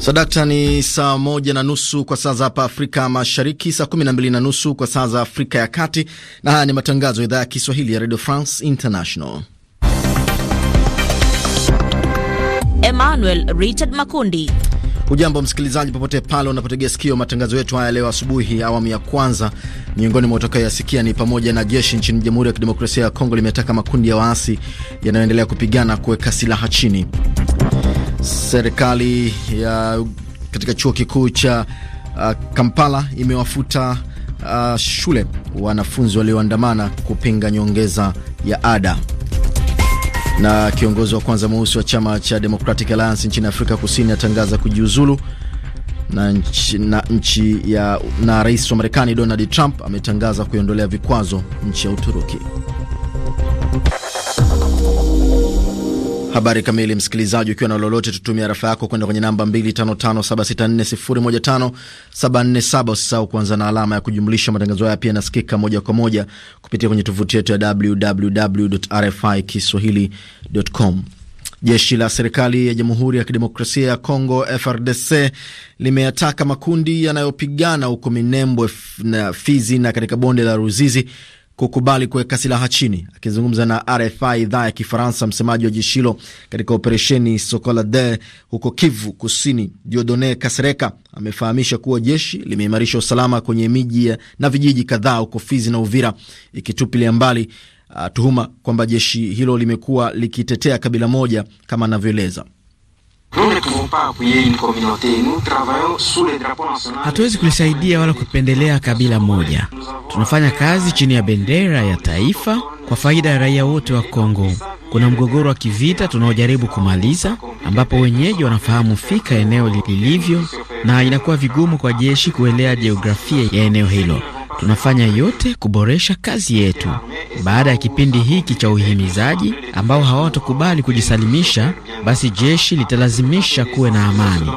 Sadakta ni saa moja na nusu kwa saa za hapa Afrika Mashariki, saa kumi na mbili na nusu kwa saa za Afrika ya Kati, na haya ni matangazo ya idhaa ya Kiswahili ya Radio France International. Emmanuel Richard Makundi. Ujambo msikilizaji, popote pale unapotegea sikio matangazo yetu haya leo asubuhi, awamu ya kwanza. Miongoni mwa utakayoyasikia ni pamoja na jeshi nchini Jamhuri ya Kidemokrasia ya Kongo limetaka makundi ya waasi yanayoendelea kupigana kuweka silaha chini. Serikali ya katika chuo kikuu cha uh, Kampala imewafuta uh, shule wanafunzi walioandamana kupinga nyongeza ya ada. Na kiongozi wa kwanza mweusi wa chama cha Democratic Alliance nchini Afrika Kusini atangaza kujiuzulu na nchi, na nchi ya na rais wa Marekani Donald Trump ametangaza kuiondolea vikwazo nchi ya Uturuki. habari kamili. Msikilizaji, ukiwa na lolote, tutumia rafa yako kwenda kwenye namba 255764015747. Usisahau kuanza na alama ya kujumlisha. Matangazo haya pia yanasikika moja kwa moja kupitia kwenye tovuti yetu ya www.rfikiswahili.com. Jeshi la serikali ya Jamhuri ya Kidemokrasia ya Kongo FRDC limeyataka makundi yanayopigana huko Minembwe na Fizi na katika bonde la Ruzizi kukubali kuweka silaha chini. Akizungumza na RFI idhaa ya Kifaransa, msemaji wa jeshi hilo katika operesheni sokola de huko Kivu Kusini, Diodone Kasereka amefahamisha kuwa jeshi limeimarisha usalama kwenye miji na vijiji kadhaa huko Fizi na Uvira, ikitupilia mbali uh, tuhuma kwamba jeshi hilo limekuwa likitetea kabila moja kama anavyoeleza Hatuwezi kulisaidia wala kupendelea kabila moja. Tunafanya kazi chini ya bendera ya taifa kwa faida ya raia wote wa Kongo. Kuna mgogoro wa kivita tunaojaribu kumaliza, ambapo wenyeji wanafahamu fika eneo lilivyo, na inakuwa vigumu kwa jeshi kuelea jiografia ya eneo hilo. Tunafanya yote kuboresha kazi yetu. Baada ya kipindi hiki cha uhimizaji, ambao hawatakubali kujisalimisha, basi jeshi litalazimisha kuwe na amani.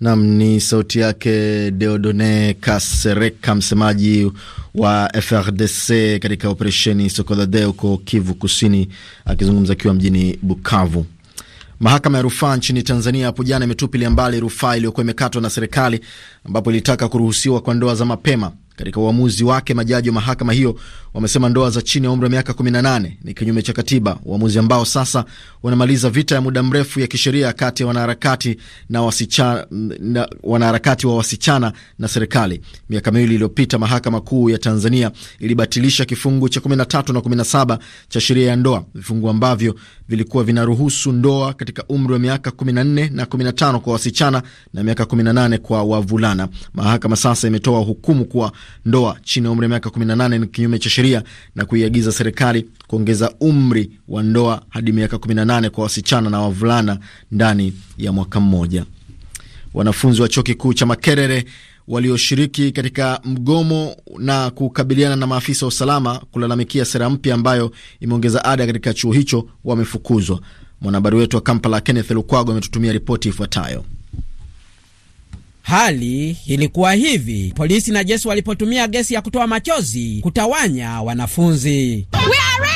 Nam ni sauti yake Deodone Kasereka, msemaji wa FRDC katika operesheni Sokola de huko Kivu Kusini, akizungumza akiwa mjini Bukavu. Mahakama ya rufaa nchini Tanzania hapo jana imetupilia mbali rufaa iliyokuwa imekatwa na serikali ambapo ilitaka kuruhusiwa kwa ndoa za mapema. Katika uamuzi wake, majaji wa mahakama hiyo wamesema ndoa za chini ya umri wa miaka 18 ni kinyume cha katiba, uamuzi ambao sasa unamaliza vita ya muda mrefu ya kisheria kati ya wanaharakati na wasichana, na wanaharakati wa wasichana na serikali. Miaka miwili iliyopita mahakama kuu ya Tanzania ilibatilisha kifungu cha 13 na 17 cha sheria ya ndoa, vifungu ambavyo vilikuwa vinaruhusu ndoa katika umri wa miaka 14 na 15 kwa wasichana na miaka 18 kwa wavulana. Mahakama sasa imetoa hukumu kuwa ndoa chini ya umri wa miaka 18 ni kinyume cha sheria sheria na kuiagiza serikali kuongeza umri wa ndoa hadi miaka 18 kwa wasichana na wavulana ndani ya mwaka mmoja. Wanafunzi wa chuo kikuu cha Makerere walioshiriki katika mgomo na kukabiliana na maafisa wa usalama kulalamikia sera mpya ambayo imeongeza ada katika chuo hicho wamefukuzwa. Mwanahabari wetu wa Kampala, Kenneth Lukwago, ametutumia ripoti ifuatayo. Hali ilikuwa hivi, polisi na jeshi walipotumia gesi ya kutoa machozi kutawanya wanafunzi We are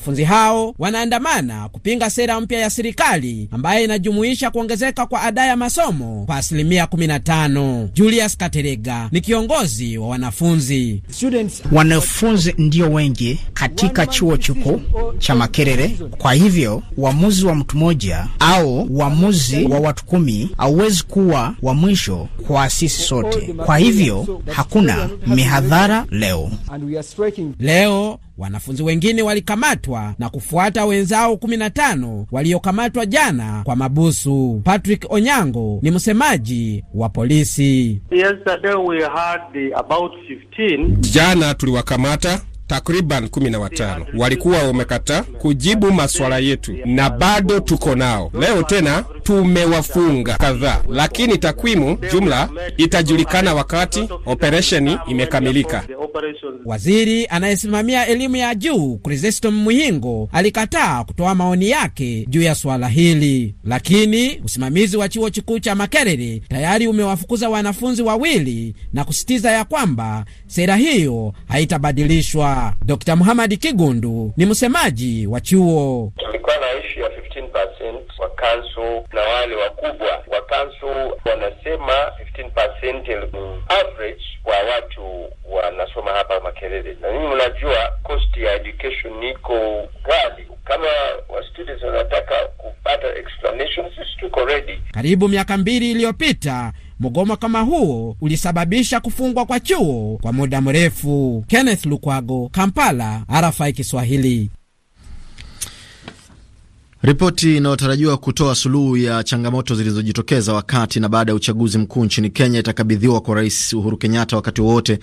Wanafunzi hao wanaandamana kupinga sera mpya ya serikali ambayo inajumuisha kuongezeka kwa ada ya masomo kwa asilimia 15. Julius Katerega ni kiongozi wa wanafunzi. Wanafunzi ndio wengi katika chuo chuku oh cha Makerere, oh kwa hivyo uamuzi wa mtu mmoja au uamuzi wa watu kumi hauwezi kuwa wa mwisho kwa sisi sote. Kwa hivyo hakuna mihadhara leo leo Wanafunzi wengine walikamatwa na kufuata wenzao 15 waliokamatwa jana kwa mabusu. Patrick Onyango ni msemaji wa polisi. We had about 15. Jana tuliwakamata takriban kumi na watano walikuwa wamekataa kujibu maswala yetu, na bado tuko nao leo tena. Tumewafunga kadhaa, lakini takwimu jumla itajulikana wakati operesheni imekamilika operations. Waziri anayesimamia elimu ya juu Crizesto Muhingo alikataa kutoa maoni yake juu ya swala hili, lakini usimamizi wa chuo kikuu cha Makerere tayari umewafukuza wanafunzi wawili na kusitiza ya kwamba sera hiyo haitabadilishwa. Dr. Muhamadi Kigundu ni msemaji wa chuo. Tulikuwa naishi council na wale wakubwa wa council wanasema 15% average kwa watu wanasoma hapa Makerere, na nini, mnajua cost ya education niko ghali. Kama wa students wanataka kupata explanation, sisi tuko ready. Karibu miaka mbili iliyopita mgomo kama huo ulisababisha kufungwa kwa chuo kwa muda mrefu. Kenneth Lukwago, Kampala, RFI Kiswahili. Ripoti inayotarajiwa kutoa suluhu ya changamoto zilizojitokeza wakati na baada ya uchaguzi mkuu nchini Kenya itakabidhiwa kwa Rais Uhuru Kenyatta wakati wowote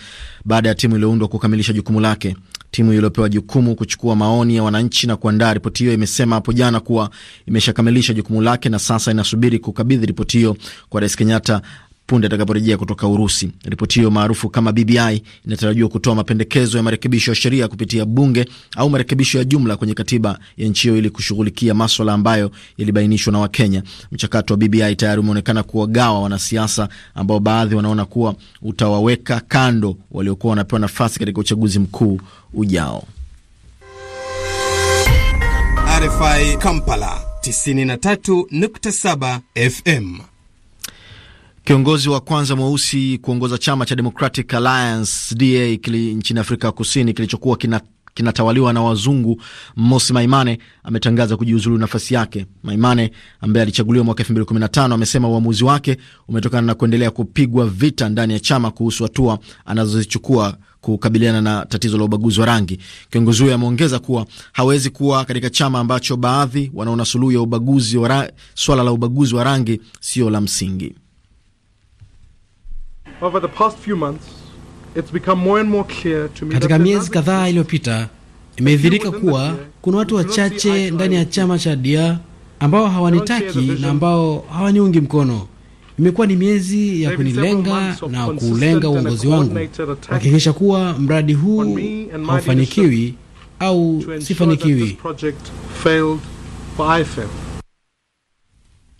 baada ya timu iliyoundwa kukamilisha jukumu lake. Timu iliyopewa jukumu kuchukua maoni ya wananchi na kuandaa ripoti hiyo imesema hapo jana kuwa imeshakamilisha jukumu lake na sasa inasubiri kukabidhi ripoti hiyo kwa Rais Kenyatta punde atakaporejea kutoka Urusi. Ripoti hiyo maarufu kama BBI inatarajiwa kutoa mapendekezo ya marekebisho ya sheria kupitia bunge au marekebisho ya jumla kwenye katiba ya nchi hiyo ili kushughulikia maswala ambayo yalibainishwa na Wakenya. Mchakato wa BBI tayari umeonekana kuwagawa wanasiasa ambao baadhi wanaona kuwa utawaweka kando waliokuwa wanapewa nafasi katika uchaguzi mkuu ujao. RFI Kampala 93.7 FM. Kiongozi wa kwanza mweusi kuongoza chama cha Democratic Alliance DA kili nchini Afrika Kusini kilichokuwa kina kinatawaliwa na wazungu Mosi Maimane ametangaza kujiuzulu nafasi yake. Maimane ambaye alichaguliwa mwaka 2015 amesema uamuzi wake umetokana na kuendelea kupigwa vita ndani ya chama kuhusu hatua anazozichukua kukabiliana na tatizo la ubaguzi wa rangi. Kiongozi huyo ameongeza kuwa hawezi kuwa katika chama ambacho baadhi wanaona suluhu ya ubaguzi wa swala la ubaguzi wa rangi sio la msingi. Katika miezi kadhaa iliyopita imedhihirika kuwa kuna watu wachache ndani ya chama cha DIA ambao hawanitaki na ambao hawaniungi mkono. Imekuwa ni miezi ya kunilenga na kuulenga uongozi wangu, kuhakikisha kuwa mradi huu haufanikiwi au sifanikiwi.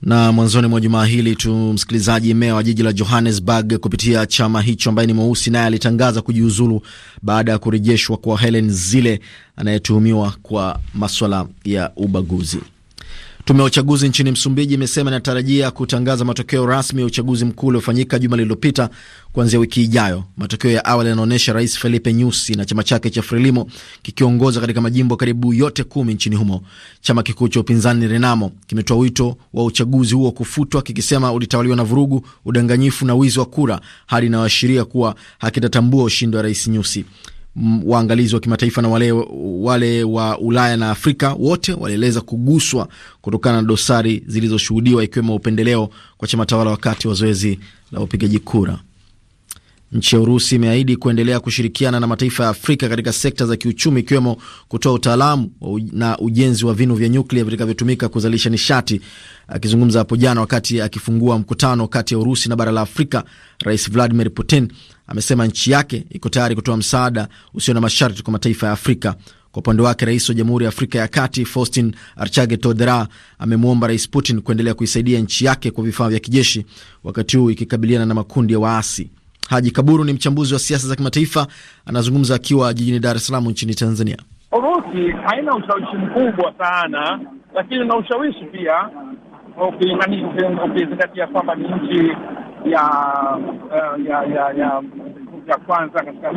Na mwanzoni mwa jumaa hili tu, msikilizaji, meya wa jiji la Johannesburg kupitia chama hicho ambaye ni mweusi naye alitangaza kujiuzulu baada ya kurejeshwa kwa Helen Zille anayetuhumiwa kwa maswala ya ubaguzi. Tume ya uchaguzi nchini Msumbiji imesema inatarajia kutangaza matokeo rasmi ya uchaguzi mkuu uliofanyika juma lililopita kuanzia wiki ijayo. Matokeo ya awali yanaonyesha Rais Felipe Nyusi na chama chake cha Frelimo kikiongoza katika majimbo karibu yote kumi nchini humo. Chama kikuu cha upinzani Renamo kimetoa wito wa uchaguzi huo kufutwa, kikisema ulitawaliwa na vurugu, udanganyifu na wizi wa kura, hali inayoashiria kuwa hakitatambua ushindi wa Rais Nyusi waangalizi wa kimataifa na wale, wale wa Ulaya na Afrika wote walieleza kuguswa kutokana na dosari zilizoshuhudiwa ikiwemo upendeleo kwa chama tawala wakati wa zoezi la upigaji kura. Nchi ya Urusi imeahidi kuendelea kushirikiana na mataifa ya Afrika katika sekta za kiuchumi ikiwemo kutoa utaalamu na ujenzi wa vinu vya nyuklia vitakavyotumika kuzalisha nishati. Akizungumza hapo jana wakati akifungua mkutano kati ya Urusi na bara la Afrika, Rais Vladimir Putin amesema nchi yake iko tayari kutoa msaada usio na masharti kwa mataifa ya Afrika. Kwa upande wake rais wa Jamhuri ya Afrika ya Kati Faustin Archange todera amemwomba Rais Putin kuendelea kuisaidia nchi yake kwa vifaa vya kijeshi, wakati huu ikikabiliana na makundi ya waasi. Haji Kaburu ni mchambuzi wa siasa za kimataifa, anazungumza akiwa jijini Dar es Salaam nchini Tanzania. Urusi haina ushawishi mkubwa sana, lakini na ushawishi pia ukizingatia kwamba ni nchi ya eh, ya ya ya ya kwanza katika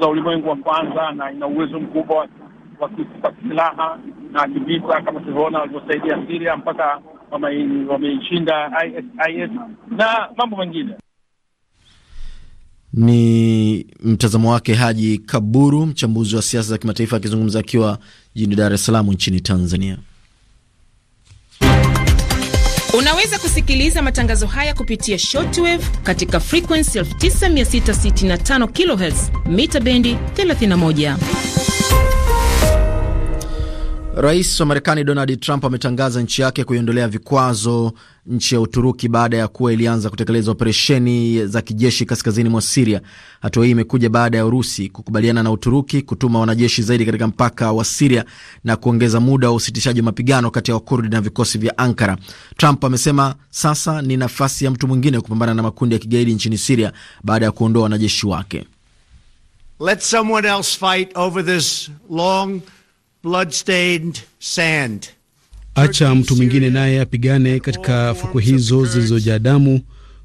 za ulimwengu wa kwanza na ina uwezo mkubwa wa silaha na kivita, kama tulivyoona walivyosaidia siria mpaka wameishinda IS na mambo mengine. Ni mtazamo wake Haji Kaburu, mchambuzi wa siasa za kimataifa, akizungumza akiwa jijini Dar es Salaam nchini Tanzania. Unaweza kusikiliza matangazo haya kupitia shortwave katika frequency 9665 kHz mita bendi 31. Rais wa Marekani Donald Trump ametangaza nchi yake kuiondolea vikwazo nchi ya Uturuki baada ya kuwa ilianza kutekeleza operesheni za kijeshi kaskazini mwa Siria. Hatua hii imekuja baada ya Urusi kukubaliana na Uturuki kutuma wanajeshi zaidi katika mpaka wa Siria na kuongeza muda wa usitishaji wa mapigano kati ya Wakurdi na vikosi vya Ankara. Trump amesema sasa ni nafasi ya mtu mwingine kupambana na makundi ya kigaidi nchini Siria baada ya kuondoa wanajeshi wake. Let someone else fight over this long blood sand. Acha mtu mwingine naye apigane katika fukwe hizo zilizojaa damu.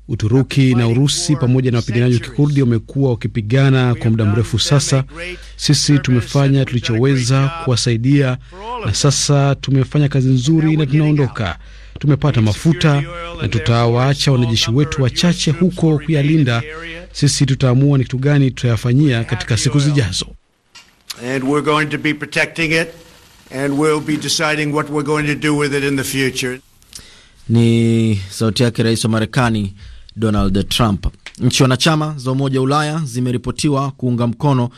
Uturuki na Urusi pamoja na wapiganaji wa Kikurdi wamekuwa wakipigana kwa muda mrefu sasa. Sisi tumefanya tulichoweza kuwasaidia, na sasa tumefanya kazi nzuri na tunaondoka. Tumepata mafuta na tutawaacha wanajeshi wetu wachache huko kuyalinda. Sisi tutaamua ni kitu gani tutayafanyia katika siku zijazo and we're going to be protecting it and we'll be deciding what we're going to do with it in the future. Ni sauti yake Rais wa Marekani Donald Trump. Nchi wanachama za Umoja wa Ulaya zimeripotiwa kuunga mkono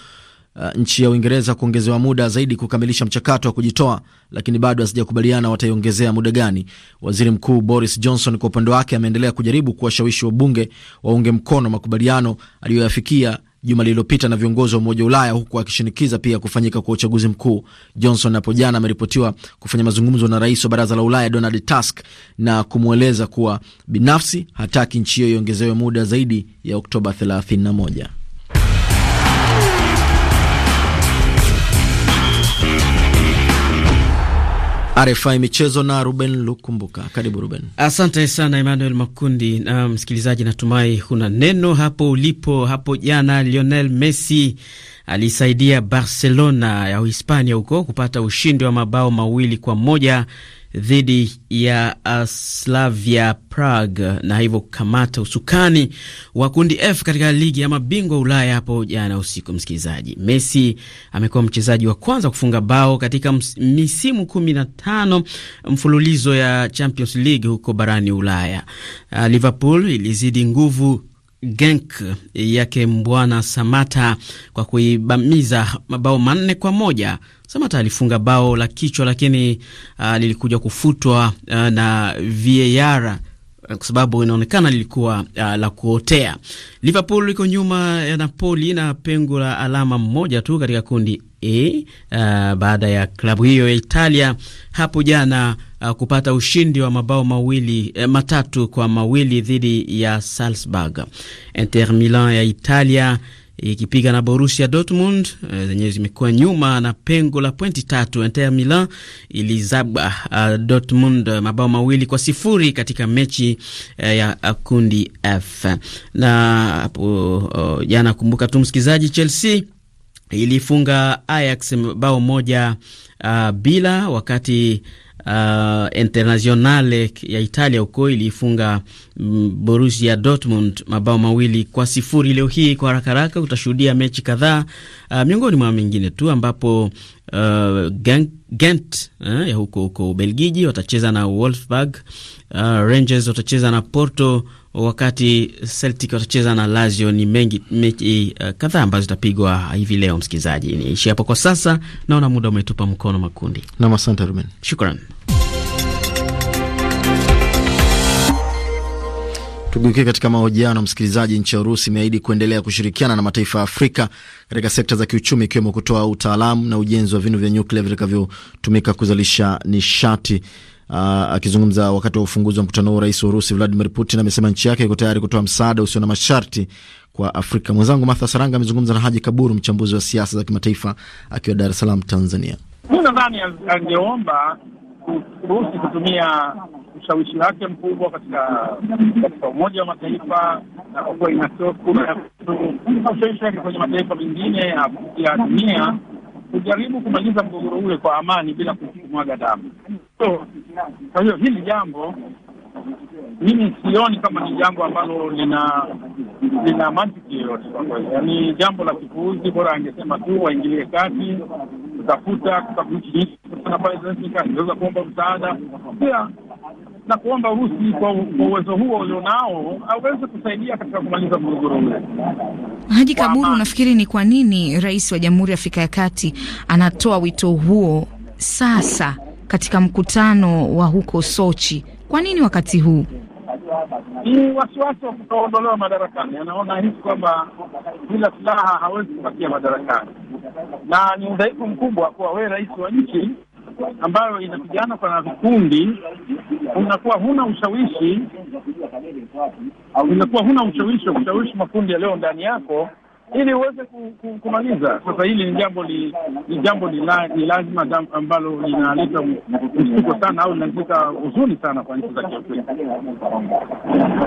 uh, nchi ya Uingereza kuongezewa muda zaidi kukamilisha mchakato wa kujitoa, lakini bado hazijakubaliana wataiongezea muda gani. Waziri Mkuu Boris Johnson kwa upande wake ameendelea kujaribu kuwashawishi wabunge waunge mkono makubaliano aliyoyafikia juma lililopita na viongozi wa Umoja wa Ulaya, huku akishinikiza pia kufanyika kwa uchaguzi mkuu. Johnson hapo jana ameripotiwa kufanya mazungumzo na rais wa Baraza la Ulaya Donald Tusk na kumweleza kuwa binafsi hataki nchi hiyo iongezewe muda zaidi ya Oktoba 31. RFI michezo na Ruben Lukumbuka. Karibu Ruben. Asante sana Emmanuel Makundi. Na msikilizaji, natumai huna neno hapo ulipo. Hapo jana Lionel Messi alisaidia Barcelona ya Uhispania huko kupata ushindi wa mabao mawili kwa moja dhidi ya uh, Slavia Prague na hivyo kukamata usukani wa kundi F katika ligi ya mabingwa Ulaya hapo jana usiku. Msikilizaji, Messi amekuwa mchezaji wa kwanza kufunga bao katika misimu kumi na tano mfululizo ya Champions League huko barani Ulaya. livepool uh, Liverpool ilizidi nguvu Genk yake Mbwana Samata kwa kuibamiza mabao manne kwa moja Samata alifunga bao la kichwa, lakini uh, lilikuja kufutwa uh, na VAR eh, kwa sababu inaonekana lilikuwa uh, la kuotea. Liverpool liko nyuma ya Napoli na pengo la alama moja tu katika kundi E, uh, baada ya klabu hiyo ya Italia hapo jana uh, kupata ushindi wa mabao mawili eh, matatu kwa mawili dhidi ya Salzburg. Inter Milan ya Italia ikipiga na Borussia Dortmund eh, zenyewe zimekuwa nyuma na pengo la pointi tatu. Inter Milan ilizaba uh, Dortmund eh, mabao mawili kwa sifuri katika mechi uh, ya kundi F na hapo uh, jana, kumbuka tu msikilizaji, Chelsea ilifunga Ajax bao moja uh, bila wakati uh, Internazionale ya Italia huko iliifunga mm, borusia Dortmund mabao mawili kwa sifuri leo hii. Kwa haraka haraka utashuhudia mechi kadhaa uh, miongoni mwa mengine tu ambapo uh, Gent uh, eh, ya huko huko Ubelgiji watacheza na Wolfsburg, uh, Rangers watacheza na Porto wakati Celtic watacheza na Lazio. Ni mengi mechi uh, kadhaa ambazo zitapigwa hivi leo. Msikilizaji, niishi hapo kwa sasa, naona muda umetupa mkono makundi. Nam, asante Ruben, shukran. Tugeukie katika mahojiano. Msikilizaji, nchi ya Urusi imeahidi kuendelea kushirikiana na mataifa ya Afrika katika sekta za kiuchumi, ikiwemo kutoa utaalamu na ujenzi wa vinu vya nyuklia vitakavyotumika kuzalisha nishati Ah, akizungumza wakati wa ufunguzi wa mkutano huo, rais wa Urusi Vladimir Putin amesema nchi yake iko tayari kutoa msaada usio na masharti kwa Afrika. Mwenzangu Martha Saranga amezungumza na Haji Kaburu, mchambuzi wa siasa za kimataifa, akiwa Dar es Salaam, Tanzania. Mi nadhani angeomba Urusi kutumia ushawishi wake mkubwa katika katika Umoja wa Mataifa na kwa kuwa inaushawishi wake kwenye mataifa mengine ya dunia kujaribu kumaliza mgogoro ule kwa amani bila kumwaga damu. So kwa hiyo hili jambo mimi sioni kama ni jambo ambalo lina lina mantiki yoyote kwa kweli, ni yaani jambo la kipuuzi. Bora angesema tu waingilie kati kutafuta, kwa nchi nyingi kuomba msaada pia na kuomba Urusi kwa uwezo huo ulionao aweze kusaidia katika kumaliza mgogoro ule. Haji Kaburu, unafikiri ni kwa nini rais wa Jamhuri ya Afrika ya Kati anatoa wito huo sasa katika mkutano wa huko Sochi. Kwa nini wakati huu? Ni wasiwasi wa kutoondolewa madarakani. Anaona hisi kwamba bila silaha hawezi kubakia madarakani, na ni udhaifu mkubwa kuwa wewe rais wa nchi ambayo inapigana kwa vikundi, unakuwa huna ushawishi, unakuwa huna ushawishi wa kushawishi makundi yaliyo ndani yako ili uweze kumaliza. Sasa hili ni jambo li, ni jambo ni lazima ambalo linaleta mshtuko sana au linaleta huzuni sana kwa nchi za Kiafrika.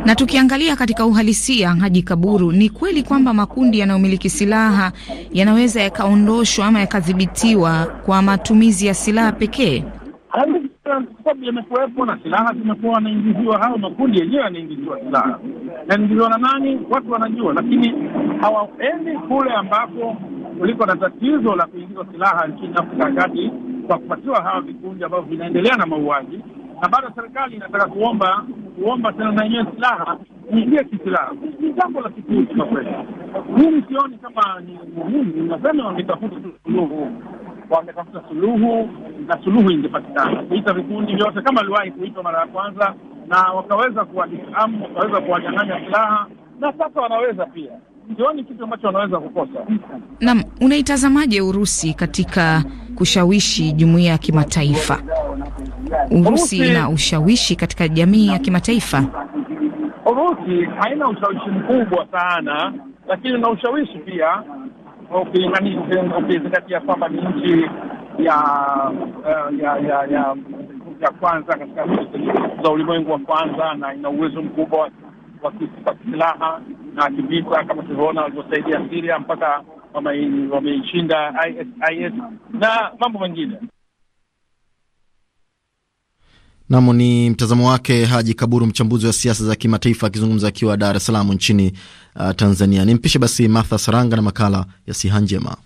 Na tukiangalia katika uhalisia, Haji Kaburu, ni kweli kwamba makundi yanayomiliki silaha yanaweza yakaondoshwa ama yakadhibitiwa kwa matumizi ya silaha pekee? sababu yamekuwepo na silaha zimekuwa wanaingiziwa, hao makundi yenyewe yanaingiziwa silaha. Yanaingiziwa na nani? Watu wanajua, lakini hawaendi kule ambapo kuliko na tatizo la kuingizwa silaha nchini Afrika ya Kati kwa kupatiwa hawa vikundi ambavyo vinaendelea na mauaji, na bado serikali inataka kuomba kuomba tena na yenyewe silaha iingie kisilaha. Ni jambo la kikuu kwa kweli. Mimi sioni kama ni muhimu, nasema nitafuta suluhu wametafuta suluhu na suluhu ingepatikana kuita vikundi vyote kama aliwahi kuitwa mara ya kwanza, na wakaweza kuwadisamu, wakaweza kuwanyang'anya silaha, na sasa wanaweza pia sioni kitu ambacho wanaweza kukosa. Naam, unaitazamaje Urusi katika kushawishi jumuiya ya kimataifa? Urusi ina ushawishi katika jamii ya kimataifa? Urusi haina ushawishi mkubwa sana, lakini na ushawishi pia ukizingatia kwamba ni nchi ya eh, ya ya ya ya kwanza katika nchi za ulimwengu wa kwanza na ina uwezo mkubwa wa silaha na kivita, kama tulivyoona walivyosaidia Syria mpaka wameishinda IS na mambo mengine. Nam ni mtazamo wake Haji Kaburu, mchambuzi wa siasa za kimataifa akizungumza akiwa Dar es Salaam nchini uh, Tanzania. Nimpishe basi Martha Saranga na makala ya siha njema.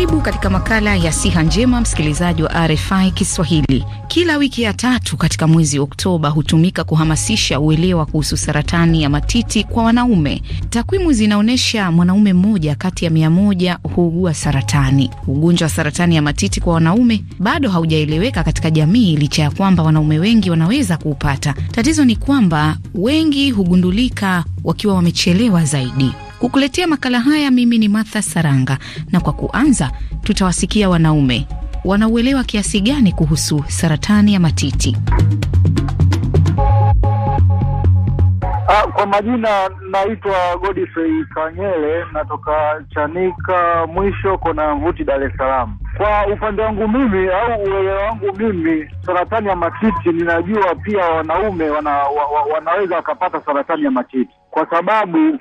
Karibu katika makala ya siha njema, msikilizaji wa RFI Kiswahili. Kila wiki ya tatu katika mwezi Oktoba hutumika kuhamasisha uelewa kuhusu saratani ya matiti kwa wanaume. Takwimu zinaonyesha mwanaume mmoja kati ya mia moja huugua saratani. Ugonjwa wa saratani ya matiti kwa wanaume bado haujaeleweka katika jamii, licha ya kwamba wanaume wengi wanaweza kuupata. Tatizo ni kwamba wengi hugundulika wakiwa wamechelewa zaidi. Kukuletea makala haya mimi ni Martha Saranga, na kwa kuanza tutawasikia wanaume wanauelewa kiasi gani kuhusu saratani ya matiti. Ah, kwa majina naitwa Godfrey Kanyele, natoka Chanika Mwisho, kona Mvuti, Dar es Salaam. Kwa upande wangu mimi au uelewa wangu mimi, saratani ya matiti ninajua pia wanaume wana, wa, wa, wanaweza wakapata saratani ya matiti kwa sababu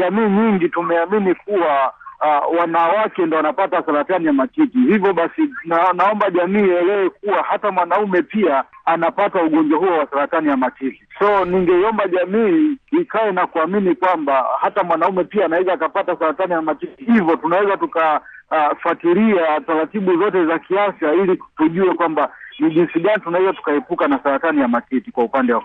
jamii nyingi tumeamini kuwa uh, wanawake ndo wanapata saratani ya matiti. Hivyo basi na, naomba jamii ielewe kuwa hata mwanaume pia anapata ugonjwa huo wa saratani ya matiti. So ningeiomba jamii ikae na kuamini kwamba hata mwanaume pia anaweza akapata saratani ya matiti, hivyo tunaweza tukafuatilia uh, taratibu zote za kiafya ili tujue kwamba ni jinsi gani tunaweza tukaepuka na saratani ya matiti kwa upande wa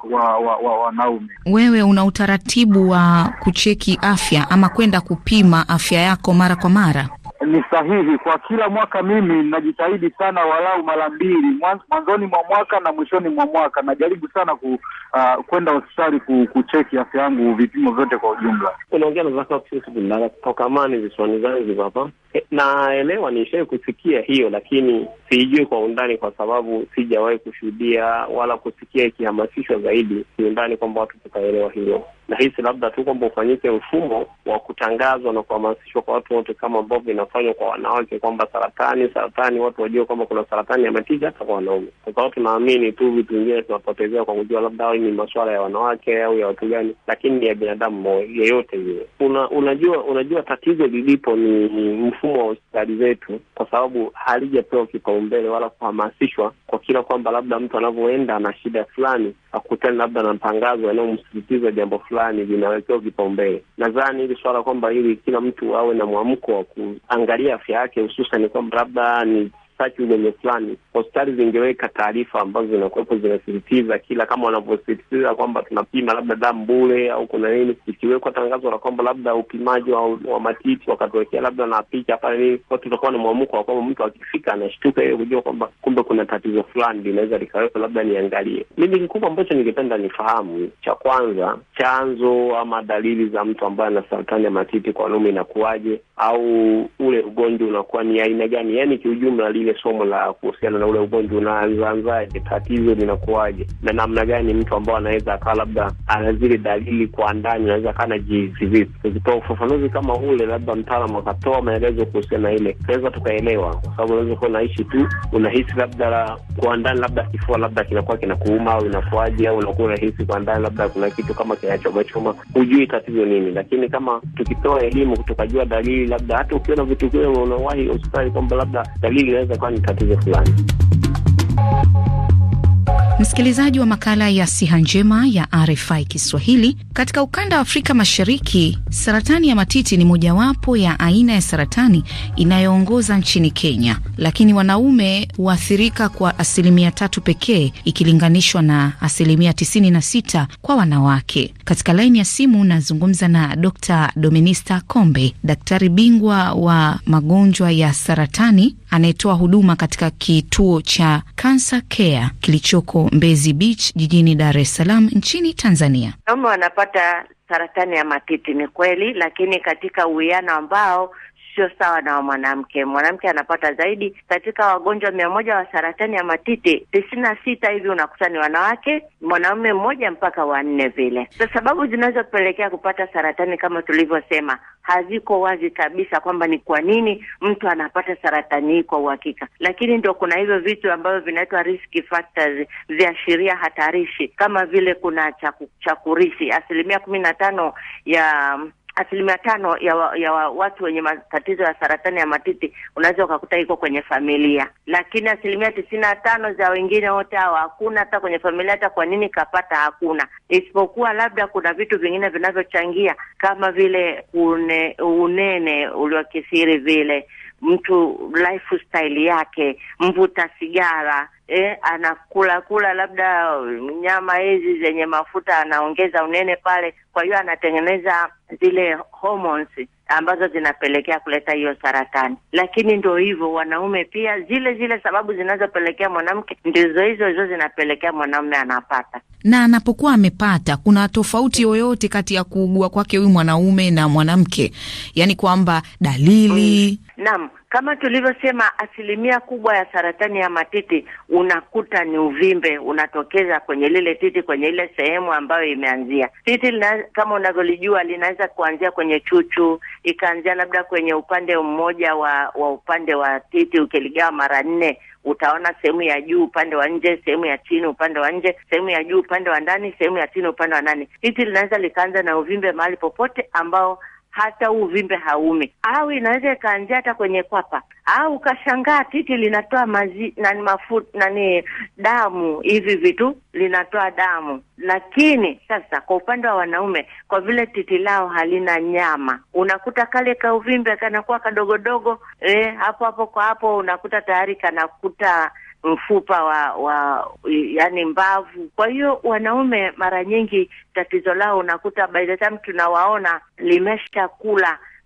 wanaume. Wa, wa, wewe una utaratibu wa kucheki afya ama kwenda kupima afya yako mara kwa mara? ni sahihi. Kwa kila mwaka mimi najitahidi sana walau mara mbili, mwanzoni mwa mwaka na mwishoni mwa mwaka, najaribu sana ku, uh, kwenda hospitali ku, kucheki afya yangu, vipimo vyote kwa ujumla. Unaongea na Zakaria kutoka Amani visiwani Zanzibar hapa. Eh, naelewa nishai kusikia hiyo, lakini siijui kwa undani kwa sababu sijawahi kushuhudia wala kusikia ikihamasishwa zaidi kiundani kwamba watu tutaelewa hiyo na hisi labda tu kwamba ufanyike mfumo wa kutangazwa na kuhamasishwa kwa watu wote, kama ambavyo inafanywa kwa wanawake kwamba saratani saratani, watu wajue kwamba kuna saratani ya matiti hata kwa wanaume. Kwa sababu tunaamini tu vitu vingine tunapotezea kwa kujua labda ni masuala ya wanawake au ya watu gani, lakini ya binadamu yeyote yule. Una, unajua unajua tatizo lilipo ni, mfumo wa hospitali zetu, kwa sababu halijapewa kipaumbele wala kuhamasishwa kwa kila kwamba labda mtu anavyoenda ana shida fulani akutane labda na tangazo anayomsisitiza jambo fulani fulani vinawekewa kipaumbele. Nadhani hili swala kwamba ili kila mtu awe na mwamko wa kuangalia afya yake, hususan kwamba labda ni kushtaki unyama fulani, hospitali zingeweka taarifa ambazo zinakuwepo zinasisitiza kila, kama wanavyosisitiza kwamba tunapima labda damu bure au kuna nini, ikiwekwa tangazo la kwamba labda upimaji wa, wa matiti wakatuwekea labda na picha pale nini, kwa tutakuwa na mwamko wa kwamba mtu akifika anashtuka ile kujua kwamba kumbe kuna tatizo fulani linaweza likawepo, labda niangalie mimi. Kikubwa ambacho ningependa nifahamu, cha kwanza, chanzo ama dalili za mtu ambaye ana saratani ya matiti kwa wanaume inakuwaje, au ule ugonjwa unakuwa ni aina gani, yani kiujumla lile lile somo la kuhusiana na ule ugonjwa unaanzaanzaje, tatizo linakuwaje, na namna gani mtu ambao anaweza akawa labda ana zile dalili kwa ndani, anaweza akawa na vipi. Ukitoa ufafanuzi kama ule, labda mtaalam akatoa maelezo kuhusiana na ile, tunaweza tukaelewa, kwa sababu unaweza kuwa unaishi tu unahisi labda kwa ndani, labda kifua labda kinakuwa kinakuuma au inakuaje, au unakuwa unahisi kwa ndani labda kuna kitu kama kinachomachoma, hujui tatizo nini. Lakini kama tukitoa elimu, tukajua dalili, labda hata ukiona vitu vile unawahi hospitali kwamba labda dalili inaweza itakuwa ni tatizo fulani. Msikilizaji wa makala ya siha njema ya RFI Kiswahili, katika ukanda wa Afrika Mashariki, saratani ya matiti ni mojawapo ya aina ya saratani inayoongoza nchini Kenya, lakini wanaume huathirika kwa asilimia tatu pekee ikilinganishwa na asilimia 96 kwa wanawake. Katika laini ya simu nazungumza na Dr. Dominista Kombe, daktari bingwa wa magonjwa ya saratani anayetoa huduma katika kituo cha Cancer Care kilichoko Mbezi Beach jijini Dar es Salaam nchini Tanzania. wanapata saratani ya matiti ni kweli, lakini katika uwiano ambao sio sawa na mwanamke. Mwanamke anapata zaidi. Katika wagonjwa mia moja wa saratani ya matiti tisini na sita hivi unakuta ni wanawake, mwanaume mmoja mpaka wanne vile. Sa sababu zinazopelekea kupata saratani kama tulivyosema haziko wazi kabisa kwamba ni kwa nini mtu anapata saratani hii kwa uhakika, lakini ndio kuna hivyo vitu ambavyo vinaitwa risk factors, viashiria hatarishi, kama vile kuna chaku, chakurisi asilimia kumi na tano ya asilimia tano ya, wa, ya wa, watu wenye matatizo ya saratani ya matiti unaweza ukakuta iko kwenye familia, lakini asilimia tisini na tano za wengine wote hawa hakuna hata kwenye familia. Hata kwa nini kapata? Hakuna, isipokuwa labda kuna vitu vingine vinavyochangia kama vile une, unene uliokithiri vile mtu lifestyle yake, mvuta sigara eh, anakula kula labda nyama hizi zenye mafuta, anaongeza unene pale, kwa hiyo anatengeneza zile hormones ambazo zinapelekea kuleta hiyo saratani. Lakini ndo hivyo, wanaume pia zile zile sababu zinazopelekea mwanamke ndizo hizo hizo zinapelekea mwanaume anapata. Na anapokuwa amepata, kuna tofauti yoyote kati ya kuugua kwake huyu mwanaume na mwanamke? Yaani kwamba dalili mm. Naam, kama tulivyosema, asilimia kubwa ya saratani ya matiti unakuta ni uvimbe unatokeza kwenye lile titi, kwenye ile sehemu ambayo imeanzia titi. Lina, kama unavyolijua, linaweza kuanzia kwenye chuchu, ikaanzia labda kwenye upande mmoja wa, wa upande wa titi. Ukiligawa mara nne utaona sehemu ya juu upande wa nje, sehemu ya chini upande wa nje, sehemu ya juu upande wa ndani, sehemu ya chini upande wa ndani. Titi linaweza likaanza na uvimbe mahali popote ambao hata uvimbe haume, au inaweza ikaanzia hata kwenye kwapa, au ukashangaa titi linatoa mazi nani mafuta nani damu, hivi vitu linatoa damu. Lakini sasa kwa upande wa wanaume, kwa vile titi lao halina nyama, unakuta kale kauvimbe kanakuwa kadogodogo, eh, hapo hapo kwa hapo unakuta tayari kanakuta mfupa wa, wa yani mbavu. Kwa hiyo wanaume mara nyingi tatizo lao unakuta by the time tunawaona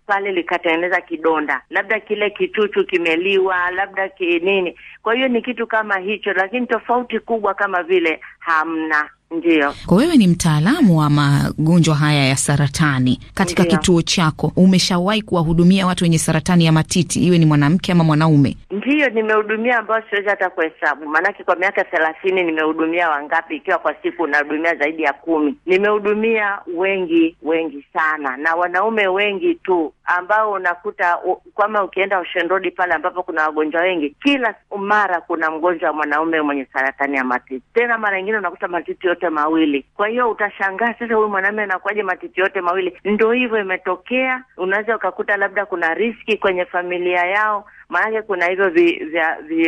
pale likatengeneza kidonda, labda kile kichuchu kimeliwa, labda kinini. Kwa hiyo ni kitu kama hicho, lakini tofauti kubwa kama vile hamna. Ndiyo. Kwa wewe ni mtaalamu wa magonjwa haya ya saratani katika Ndiyo. kituo chako umeshawahi kuwahudumia watu wenye saratani ya matiti, iwe ni mwanamke ama mwanaume? Ndiyo, nimehudumia ambao siwezi hata kuhesabu, maanake kwa miaka thelathini nimehudumia wangapi, ikiwa kwa siku unahudumia zaidi ya kumi. Nimehudumia wengi wengi sana, na wanaume wengi tu ambao unakuta kama ukienda Ocean Road pale ambapo kuna wagonjwa wengi, kila mara kuna mgonjwa wa mwanaume mwenye saratani ya matiti, tena mara nyingine unakuta matiti yote yote mawili. Kwa hiyo utashangaa sasa, huyu mwanaume anakuwaje matiti yote mawili? Ndo hivyo imetokea. Unaweza ukakuta labda kuna riski kwenye familia yao, maanake kuna hivyo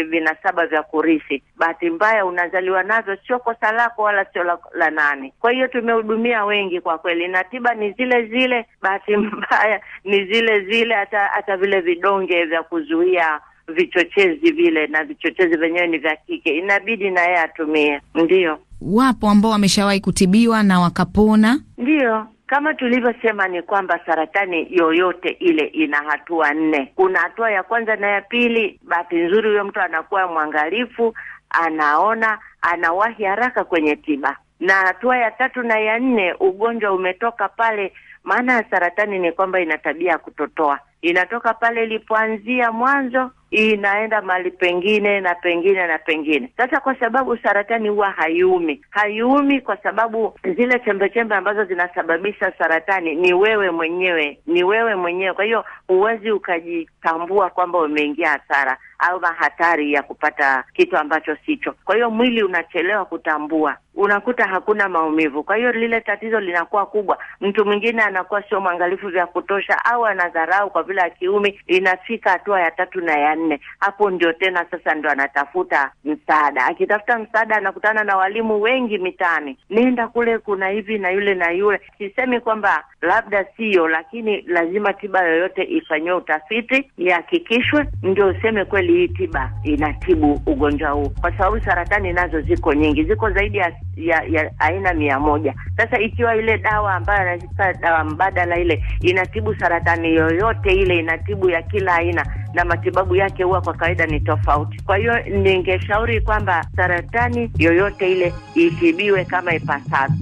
vinasaba vya kurithi. Bahati mbaya unazaliwa navyo, sio kosa lako wala sio la, la nani. Kwa hiyo tumehudumia wengi kwa kweli, na tiba ni zile zile, bahati mbaya ni zile zile, hata hata vile vidonge vya kuzuia vichochezi vile na vichochezi vyenyewe ni vya kike, inabidi na yeye atumie. Ndiyo wapo ambao wameshawahi kutibiwa na wakapona? Ndiyo, kama tulivyosema ni kwamba saratani yoyote ile ina hatua nne. Kuna hatua ya kwanza na ya pili. Bahati nzuri, huyo mtu anakuwa mwangalifu, anaona, anawahi haraka kwenye tiba. Na hatua ya tatu na ya nne, ugonjwa umetoka pale. Maana ya saratani ni kwamba ina tabia ya kutotoa, inatoka pale ilipoanzia mwanzo inaenda mali pengine na pengine na pengine. Sasa kwa sababu saratani huwa haiumi, haiumi kwa sababu zile chembechembe ambazo zinasababisha saratani ni wewe mwenyewe, ni wewe mwenyewe. Kwa hiyo huwezi ukajitambua kwamba umeingia hasara auna hatari ya kupata kitu ambacho sicho. Kwa hiyo mwili unachelewa kutambua, unakuta hakuna maumivu, kwa hiyo lile tatizo linakuwa kubwa. Mtu mwingine anakuwa sio mwangalifu vya kutosha, au anadharau kwa vile akiumi, inafika hatua ya tatu na ya nne, hapo ndio tena sasa ndo anatafuta msaada. Akitafuta msaada anakutana na walimu wengi mitaani, nenda kule, kuna hivi na yule na yule. Sisemi kwamba labda siyo, lakini lazima tiba yoyote ifanyiwe utafiti, ihakikishwe, ndio useme kweli hii tiba inatibu ugonjwa huu, kwa sababu saratani nazo ziko nyingi, ziko zaidi ya, ya, ya aina mia moja. Sasa ikiwa ile dawa ambayo anaita dawa mbadala ile inatibu saratani yoyote ile, inatibu ya kila aina, na matibabu yake huwa kwa kawaida ni tofauti. Kwa hiyo ningeshauri kwamba saratani yoyote ile itibiwe kama ipasavyo.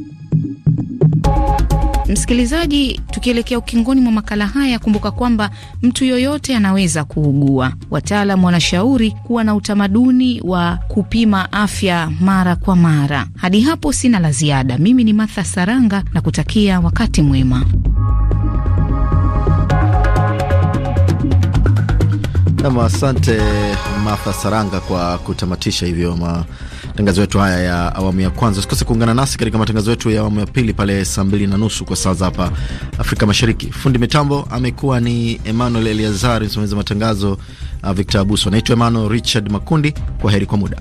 Msikilizaji, tukielekea ukingoni mwa makala haya, kumbuka kwamba mtu yoyote anaweza kuugua. wataalam wanashauri kuwa na utamaduni wa kupima afya mara kwa mara. Hadi hapo sina la ziada. Mimi ni Martha Saranga na kutakia wakati mwema. Nam, asante Martha Saranga kwa kutamatisha hivyo ma matangazo yetu haya ya awamu ya kwanza. Usikose kuungana nasi katika matangazo yetu ya awamu ya pili pale saa mbili na nusu kwa saa za hapa Afrika Mashariki. Fundi mitambo amekuwa ni Emmanuel Eliazari, msimamizi wa matangazo uh, Victor Abuso. Naitwa Emmanuel Richard Makundi. Kwa heri kwa muda.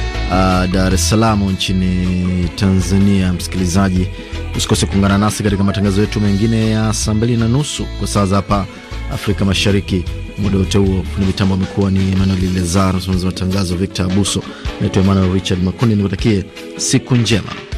uh, Dar es Salaam nchini Tanzania. Msikilizaji, usikose kuungana nasi katika matangazo yetu mengine ya saa mbili na nusu kwa saa za hapa Afrika Mashariki. Muda wote huo ni mitambo amekuwa ni Emmanuel lezar msimamizi wa matangazo Victor Abuso. Naitwa Emmanuel Richard Makundi, nikutakie siku njema.